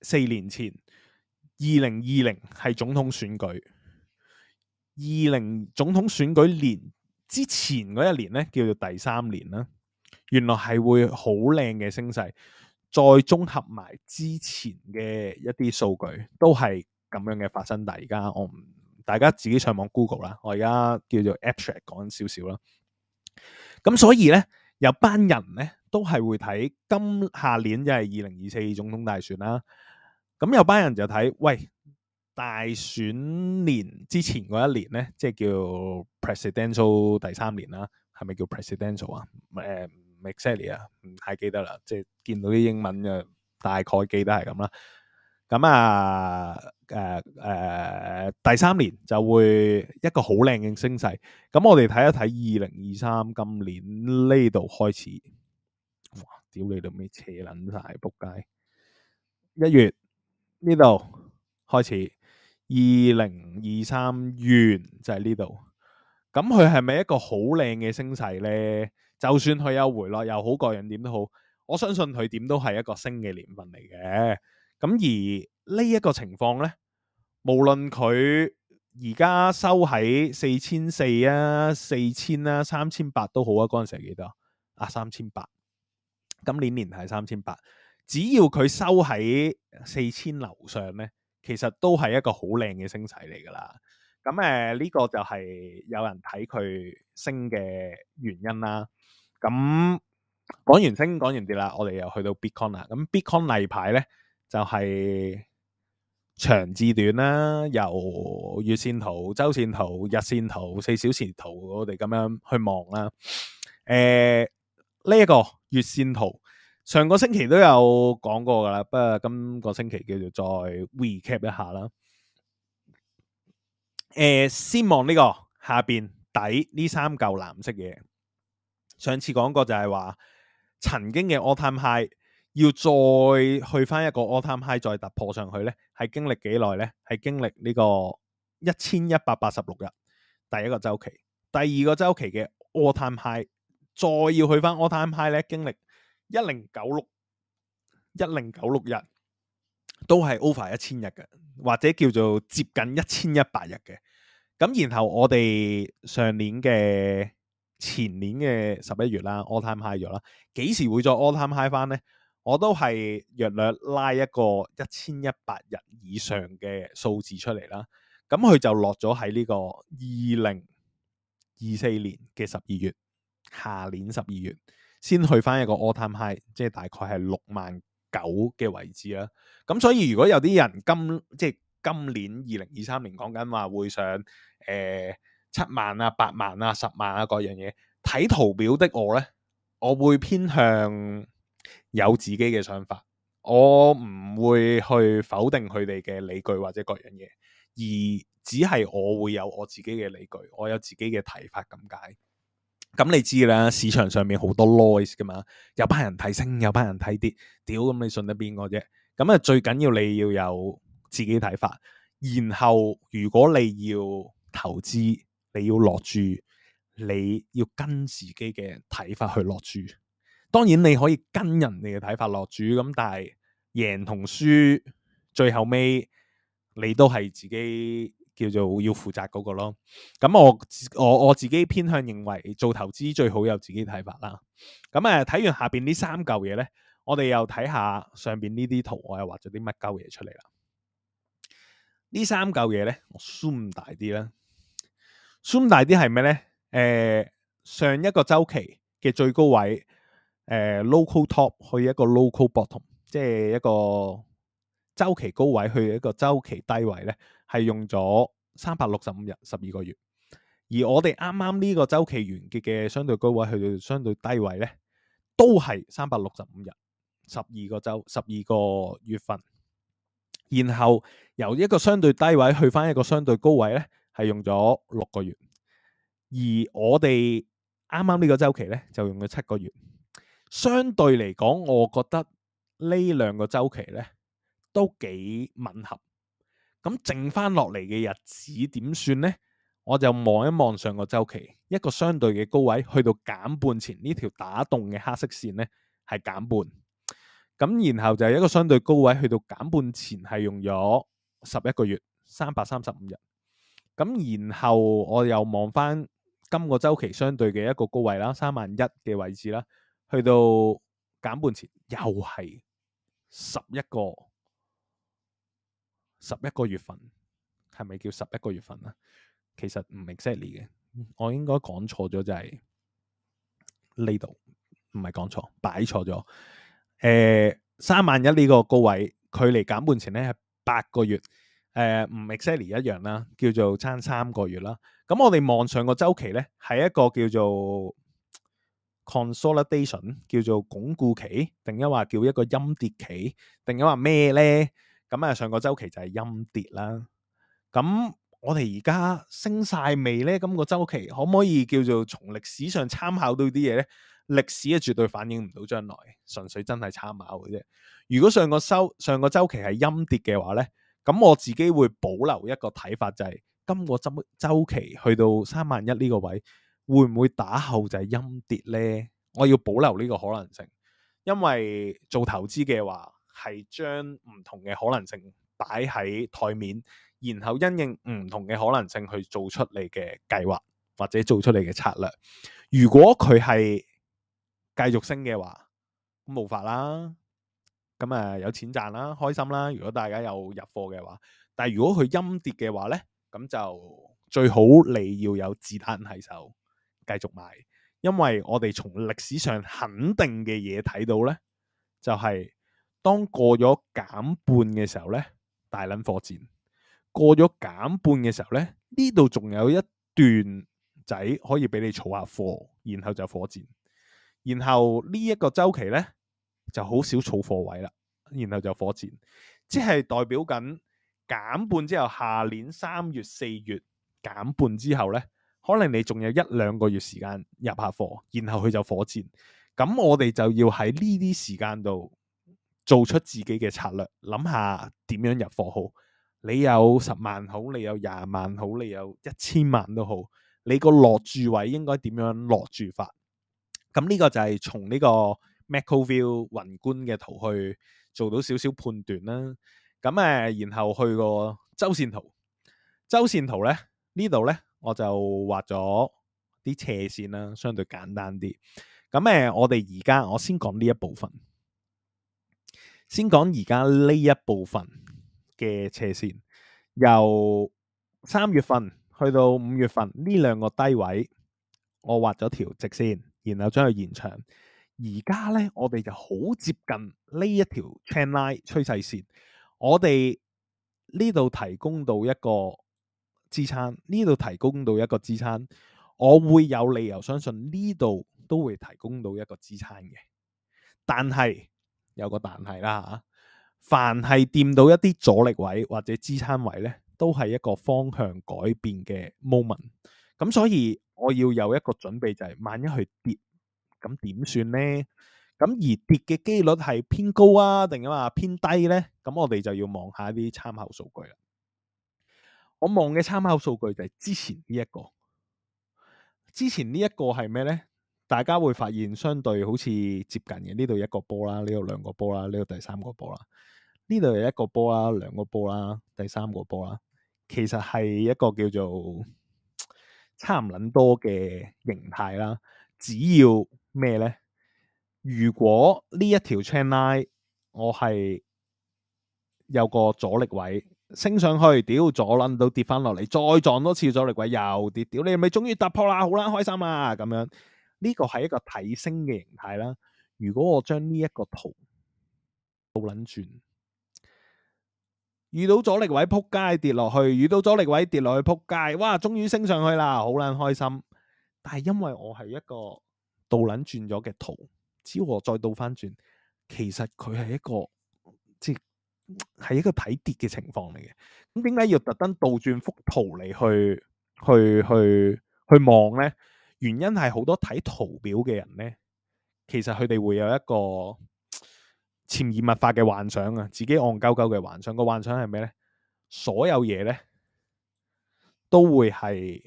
四年前，二零二零係總統選舉，二零總統選舉年之前嗰一年咧，叫做第三年啦。原來係會好靚嘅升勢。再綜合埋之前嘅一啲數據，都係咁樣嘅發生。但而家我唔，大家自己上網 Google 啦。我而家叫做 Attract 講少少啦。咁所以咧，有班人咧都係會睇今下年就係二零二四總統大選啦、啊。咁有班人就睇，喂，大選年之前嗰一年咧，即係叫 Presidential 第三年啦，係咪叫 Presidential 啊？誒、啊。呃 Excel 啊，唔太記得啦，即係見到啲英文嘅，大概記得係咁啦。咁啊，誒誒，第三年就會一個好靚嘅升勢。咁我哋睇一睇二零二三今年呢度開始，哇！屌你度咩扯捻晒，仆街！一月呢度開始，二零二三完就喺呢度。咁佢係咪一個好靚嘅升勢咧？就算佢有回落又好，個人點都好，我相信佢點都係一個升嘅年份嚟嘅。咁而呢一個情況呢，無論佢而家收喺四千四啊、四千啊、三千八都好啊，嗰陣時係幾多啊？三千八，今年年係三千八，只要佢收喺四千樓上呢，其實都係一個好靚嘅升勢嚟噶啦。咁誒呢個就係有人睇佢升嘅原因啦。咁講完升，講完跌啦，我哋又去到 Bitcoin 啦。咁 Bitcoin 例牌咧，就係、是、長至短啦，由月線圖、周線圖、日線圖、四小時圖，我哋咁樣去望啦。誒呢一個月線圖，上個星期都有講過噶啦，不過今個星期叫做再 recap 一下啦。誒，先望呢，這個下邊底呢三嚿藍色嘢。上次講過就係話，曾經嘅 All Time High 要再去翻一個 All Time High 再突破上去呢，係經歷幾耐呢？係經歷呢個一千一百八十六日第一個周期，第二個周期嘅 All Time High 再要去翻 All Time High 呢？經歷一零九六一零九六日，都係 over 一千日嘅，或者叫做接近一千一百日嘅。咁，然後我哋上年嘅前年嘅十一月啦，all time high 咗啦，幾時會再 all time high 翻咧？我都係約略拉一個一千一百日以上嘅數字出嚟啦。咁佢就落咗喺呢個二零二四年嘅十二月，下年十二月先去翻一個 all time high，即係大概係六萬九嘅位置啦。咁所以如果有啲人今即係。今年二零二三年講緊話會上誒七萬啊八萬啊十萬啊各樣嘢，睇圖表的我呢，我會偏向有自己嘅想法，我唔會去否定佢哋嘅理據或者各樣嘢，而只係我會有我自己嘅理據，我有自己嘅睇法咁解。咁你知啦，市場上面好多 noise 噶嘛，有班人睇升，有班人睇跌，屌咁你信得邊個啫？咁啊最緊要你要有。自己睇法，然後如果你要投資，你要落注，你要跟自己嘅睇法去落注。當然你可以跟人哋嘅睇法落注，咁但係贏同輸最後尾你都係自己叫做要負責嗰個咯。咁、嗯、我我我自己偏向認為做投資最好有自己睇法啦。咁、嗯、啊，睇完下邊呢三嚿嘢呢，我哋又睇下上邊呢啲圖，我又畫咗啲乜鳩嘢出嚟啦。呢三嚿嘢咧，我 Zoom 大啲啦。Zoom 大啲係咩咧？誒、呃，上一個周期嘅最高位，誒、呃、local top 去一個 local bottom，即係一個周期高位去一個周期低位咧，係用咗三百六十五日十二個月。而我哋啱啱呢個周期完結嘅相對高位去到相對低位咧，都係三百六十五日十二個周十二個月份。然後由一個相對低位去翻一個相對高位呢，係用咗六個月。而我哋啱啱呢個週期呢，就用咗七個月。相對嚟講，我覺得呢兩個週期呢都幾吻合。咁剩翻落嚟嘅日子點算呢？我就望一望上個週期，一個相對嘅高位去到減半前，呢條打動嘅黑色線呢係減半。咁然後就係一個相對高位去到減半前係用咗十一個月三百三十五日。咁然後我又望翻，今個周期相對嘅一個高位啦，三萬一嘅位置啦，去到減半前又係十一個十一個月份，係咪叫十一個月份啊？其實唔 exactly 嘅，我應該講錯咗就係呢度，唔係講錯，擺錯咗。誒、呃，三萬一呢個高位，距離減半前咧係八個月，誒、呃，唔 exactly 一樣啦，叫做差三個月啦。咁、嗯、我哋望上個周期咧，係一個叫做 consolidation，叫做鞏固期，定一話叫一個陰跌期，定一話咩咧？咁、嗯、啊，上個周期就係陰跌啦。咁、嗯、我哋而家升晒未咧？咁、個周期可唔可以叫做從歷史上參考到啲嘢咧？歷史啊，絕對反映唔到將來，純粹真係參考嘅啫。如果上個收上個周期係陰跌嘅話呢，咁我自己會保留一個睇法，就是，就係今個周周期去到三萬一呢個位，會唔會打後就係陰跌呢？我要保留呢個可能性，因為做投資嘅話係將唔同嘅可能性擺喺台面，然後因應唔同嘅可能性去做出你嘅計劃或者做出你嘅策略。如果佢係繼續升嘅話，冇法啦。咁誒有錢賺啦，開心啦。如果大家有入貨嘅話，但係如果佢陰跌嘅話呢，咁就最好你要有子彈喺手，繼續買。因為我哋從歷史上肯定嘅嘢睇到呢，就係、是、當過咗減半嘅時候呢，大撚火箭。過咗減半嘅時候呢，呢度仲有一段仔可以俾你儲下貨，然後就火箭。然後呢一個周期呢就好少儲貨位啦，然後就火箭，即係代表緊減半之後，下年三月四月減半之後呢，可能你仲有一兩個月時間入下貨，然後佢就火箭。咁我哋就要喺呢啲時間度做出自己嘅策略，諗下點樣入貨好。你有十萬好，你有廿萬好，你有一千萬都好，你個落注位應該點樣落注法？咁呢個就係從呢個 Macro View 宏觀嘅圖去做到少少判斷啦。咁誒，然後去個周線圖，周線圖咧，呢度咧，我就畫咗啲斜線啦，相對簡單啲。咁誒，我哋而家我先講呢一部分，先講而家呢一部分嘅斜線，由三月份去到五月份呢兩個低位，我畫咗條直線。然後將佢延長。而家呢，我哋就好接近呢一條 channel 趨勢線。我哋呢度提供到一個支撐，呢度提供到一個支撐。我會有理由相信呢度都會提供到一個支撐嘅。但係有個但係啦嚇，凡係掂到一啲阻力位或者支撐位呢，都係一個方向改變嘅 moment。咁所以我要有一個準備就係萬一去跌，咁點算咧？咁而跌嘅幾率係偏高啊，定啊嘛偏低咧？咁我哋就要望下啲參考數據啦。我望嘅參考數據就係之前呢一個，之前呢一個係咩咧？大家會發現相對好似接近嘅，呢度一個波啦，呢度兩個波啦，呢度第三個波啦，呢度有一個波啦，兩個波啦，第三個波啦，其實係一個叫做。差唔捻多嘅形態啦，只要咩咧？如果呢一條 channel，我係有個阻力位升上去，屌左捻到跌翻落嚟，再撞多次阻力位又跌，屌你係咪終於突破啦，好啦，開心啊！咁樣呢個係一個睇升嘅形態啦。如果我將呢一個圖倒捻轉。遇到阻力位扑街跌落去，遇到阻力位跌落去扑街，哇！終於升上去啦，好捻開心。但係因為我係一個倒捻轉咗嘅圖，只要我再倒翻轉，其實佢係一個即係一個睇跌嘅情況嚟嘅。咁點解要特登倒轉幅圖嚟去去去去望呢？原因係好多睇圖表嘅人呢，其實佢哋會有一個。潛移默化嘅幻想啊，自己戇鳩鳩嘅幻想，個幻想係咩咧？所有嘢咧都會係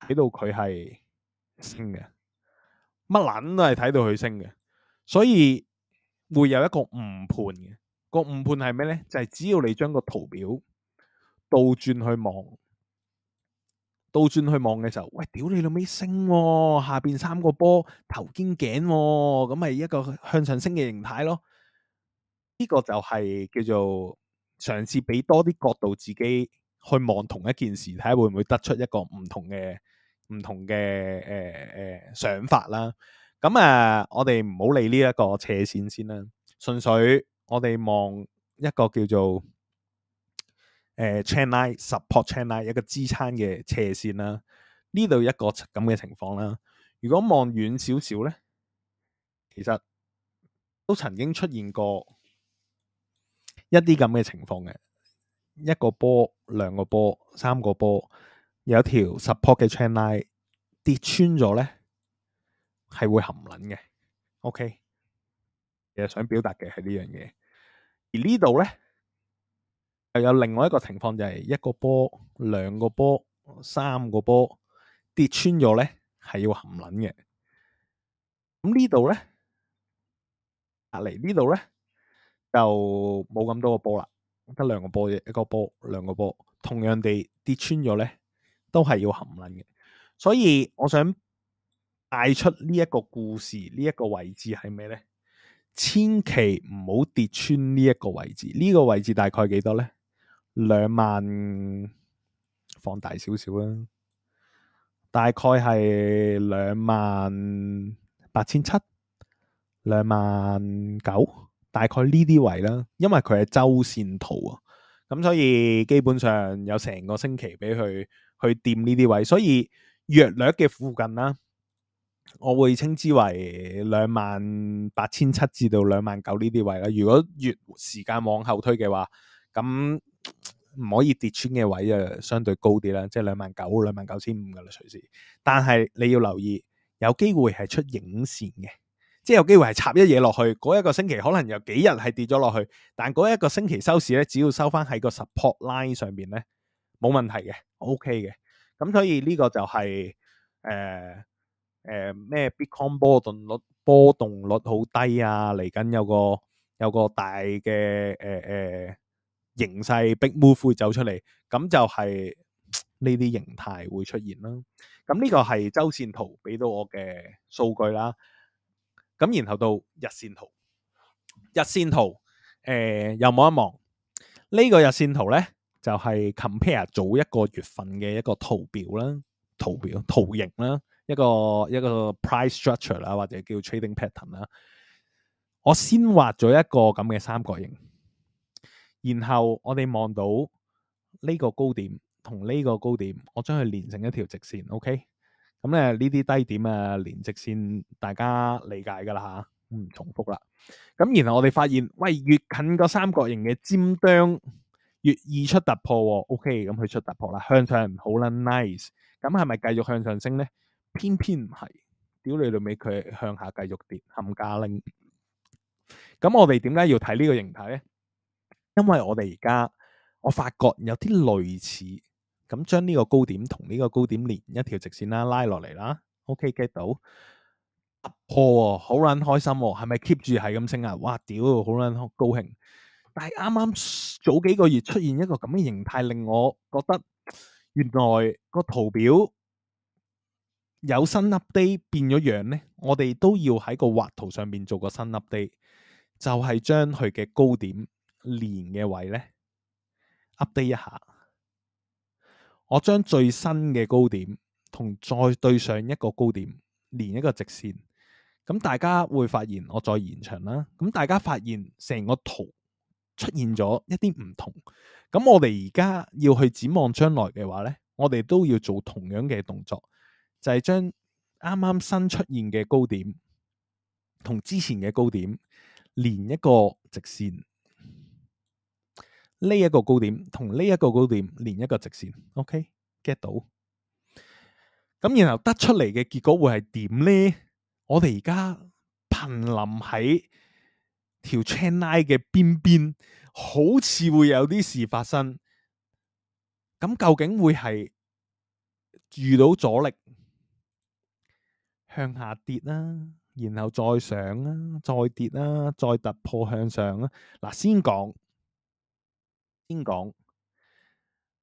睇到佢係升嘅，乜撚都係睇到佢升嘅，所以會有一個誤判嘅。個誤判係咩咧？就係、是、只要你將個圖表倒轉去望。倒轉去望嘅時候，喂，屌你老味升，下邊三個波頭肩頸、啊，咁咪一個向上升嘅形態咯。呢、呢個就係叫做嘗試俾多啲角度，自己去望同一件事，睇下會唔會得出一個唔同嘅唔同嘅誒誒想法啦。咁啊，我哋唔好理呢一個斜線先啦，純粹我哋望一個叫做。誒，channel support channel 一個支撐嘅斜線啦，呢度一個咁嘅情況啦。如果望遠少少咧，其實都曾經出現過一啲咁嘅情況嘅，一個波、兩個波、三個波，有一條 support 嘅 channel 跌穿咗咧，係會含捻嘅。OK，其實想表達嘅係呢樣嘢，而呢度咧。有另外一個情況就係、是、一個波、兩個波、三個波跌穿咗咧，係要含撚嘅。咁、嗯、呢度咧，隔籬呢度咧就冇咁多個波啦，得兩個波嘅一個波、兩個波，同樣地跌穿咗咧，都係要含撚嘅。所以我想帶出呢一個故事，呢、這、一個位置係咩咧？千祈唔好跌穿呢一個位置，呢、這個位置大概幾多咧？兩萬放大少少啦，大概係兩萬八千七、兩萬九，大概呢啲位啦。因為佢係周線圖啊，咁所以基本上有成個星期俾佢去掂呢啲位，所以約略嘅附近啦，我會稱之為兩萬八千七至到兩萬九呢啲位啦。如果越時間往後推嘅話，咁。唔可以跌穿嘅位啊，相對高啲啦，即係兩萬九、兩萬九千五㗎喇，隨時。但係你要留意，有機會係出影線嘅，即係有機會係插一嘢落去。嗰、那、一個星期可能有幾日係跌咗落去，但嗰一個星期收市咧，只要收翻喺個 support line 上邊咧，冇問題嘅，OK 嘅。咁所以呢個就係、是、誒誒、呃、咩、呃、bitcoin 波動率波動率好低啊！嚟緊有個有個大嘅誒誒。呃呃形勢 big move 會走出嚟，咁就係呢啲形態會出現啦。咁呢個係周線圖俾到我嘅數據啦。咁然後到日線圖，日線圖誒、呃、又望一望呢個日線圖咧，就係、是、compare 早一個月份嘅一個圖表啦、圖表、圖形啦，一個一個 price structure 啦，或者叫 trading pattern 啦。我先畫咗一個咁嘅三角形。然後我哋望到呢個高點同呢個高點，我將佢連成一條直線、humanities.，OK？咁咧呢啲低點啊連直線，大家理解噶啦吓，唔、嗯、重複啦。咁然後我哋發現，喂，越近個三角形嘅尖端越易出突破，OK？咁佢出突破啦，向上好啦，nice。咁係咪繼續向上升咧？偏偏唔係，屌你老味，佢向下繼續跌，冚家拎。咁我哋點解要睇呢個形態咧？因為我哋而家，我發覺有啲類似咁，將呢個高點同呢個高點連一條直線啦，拉落嚟啦。OK，get 到突破喎，好捻開心喎，係咪 keep 住係咁升啊？哇，屌，好捻高興！但係啱啱早幾個月出現一個咁嘅形態，令我覺得原來個圖表有新 update 變咗樣咧，我哋都要喺個畫圖上邊做個新 update，就係將佢嘅高點。連嘅位呢 update 一下，我將最新嘅高點同再對上一個高點連一個直線，咁大家會發現我再延長啦。咁大家發現成個圖出現咗一啲唔同，咁我哋而家要去展望將來嘅話呢，我哋都要做同樣嘅動作，就係將啱啱新出現嘅高點同之前嘅高點連一個直線。呢一個高點同呢一個高點連一個直線，OK，get、okay? 到？咁然後得出嚟嘅結果會係點呢？我哋而家瀕臨喺條 channel 嘅邊邊，好似會有啲事發生。咁究竟會係遇到阻力，向下跌啦、啊，然後再上啊，再跌啦、啊，再突破向上啊？嗱，先講。先講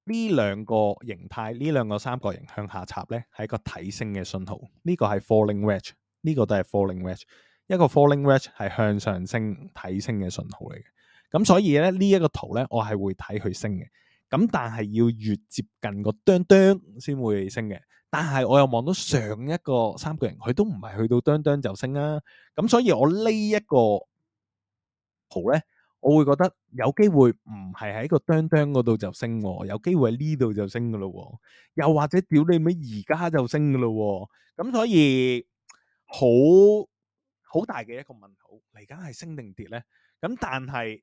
呢兩個形態，呢兩個三角形向下插呢係一個睇升嘅信號。呢、這個係 falling wedge，呢個都係 falling wedge。一個 falling wedge 係向上升、睇升嘅信號嚟嘅。咁所以咧，呢、這、一個圖呢，我係會睇佢升嘅。咁但係要越接近個當當先會升嘅。但係我又望到上一個三角形，佢都唔係去到當當就升啦、啊。咁所以我呢一個圖呢。我會覺得有機會唔係喺個釘釘嗰度就升，有機會喺呢度就升噶咯，又或者屌你媽而家就升噶咯，咁所以好好大嘅一個問號，嚟緊係升定跌咧？咁但係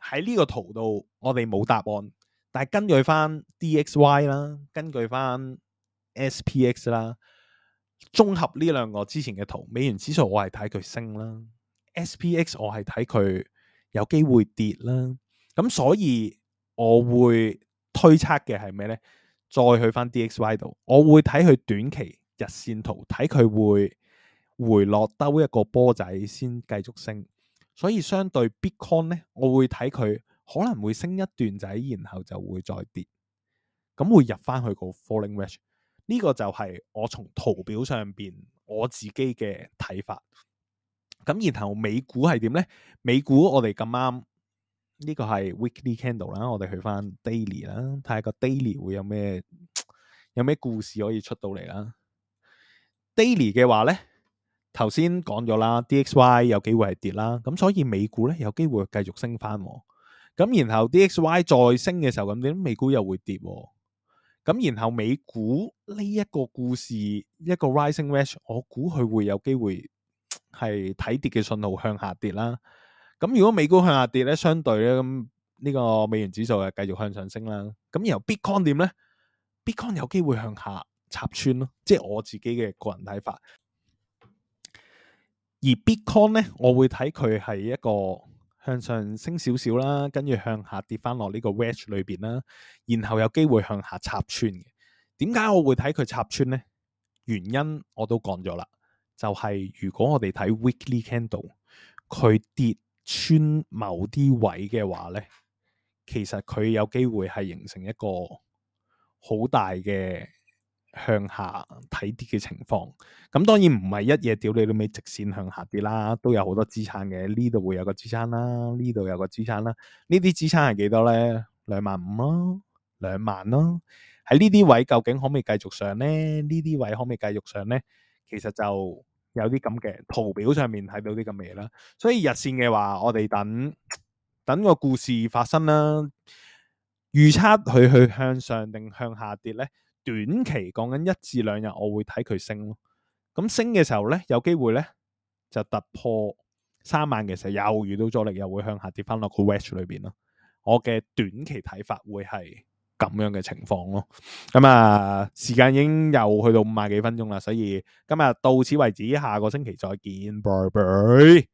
喺呢個圖度，我哋冇答案，但係根據翻 DXY 啦，根據翻 SPX 啦，綜合呢兩個之前嘅圖，美元指數我係睇佢升啦，SPX 我係睇佢。有機會跌啦，咁所以我會推測嘅係咩呢？再去翻 DXY 度，我會睇佢短期日線圖，睇佢會回落兜一個波仔先繼續升。所以相對 Bitcoin 呢，我會睇佢可能會升一段仔，然後就會再跌。咁會入翻去個 falling wedge，呢個就係我從圖表上邊我自己嘅睇法。咁然後美股係點呢？美股我哋咁啱呢個係 weekly candle 啦，我哋去翻 daily 啦，睇下個 daily 會有咩有咩故事可以出到嚟啦。daily 嘅話呢，頭先講咗啦，DXY 有機會係跌啦，咁所以美股呢，有機會繼續升翻喎。咁然後 DXY 再升嘅時候，咁點美股又會跌喎。咁然後美股呢一個故事一個 rising wedge 我估佢會有機會。係睇跌嘅信號，向下跌啦，咁如果美股向下跌咧，相對咧，咁呢個美元指數係繼續向上升啦，咁然後 bitcoin 點咧？bitcoin 有機會向下插穿咯，即係我自己嘅個人睇法。而 bitcoin 咧，我會睇佢係一個向上升少少，少啦，跟住向下跌翻落呢個 wedge 裏邊啦，然後有機會向下插穿嘅。點解我會睇佢插穿咧？原因我都講咗啦。就係如果我哋睇 weekly candle，佢跌穿某啲位嘅話咧，其實佢有機會係形成一個好大嘅向下睇跌嘅情況。咁、嗯、當然唔係一嘢屌你到尾直線向下跌啦，都有好多支撐嘅。呢度會有個支撐啦，呢度有個支撐啦。呢啲支撐係幾多咧？兩萬五咯，兩萬咯。喺呢啲位究竟可唔可以繼續上咧？呢啲位可唔可以繼續上咧？其實就有啲咁嘅圖表上面睇到啲咁嘅嘢啦，所以日線嘅話，我哋等等個故事發生啦，預測佢去向上定向下跌咧，短期講緊一至兩日，我會睇佢升咯。咁、嗯、升嘅時候咧，有機會咧就突破三萬嘅時候，又遇到阻力，又會向下跌翻落個 range 裏邊咯。我嘅短期睇法會係。咁樣嘅情況咯，咁、嗯、啊時間已經又去到五十幾分鐘啦，所以今日到此為止，下個星期再見，拜拜。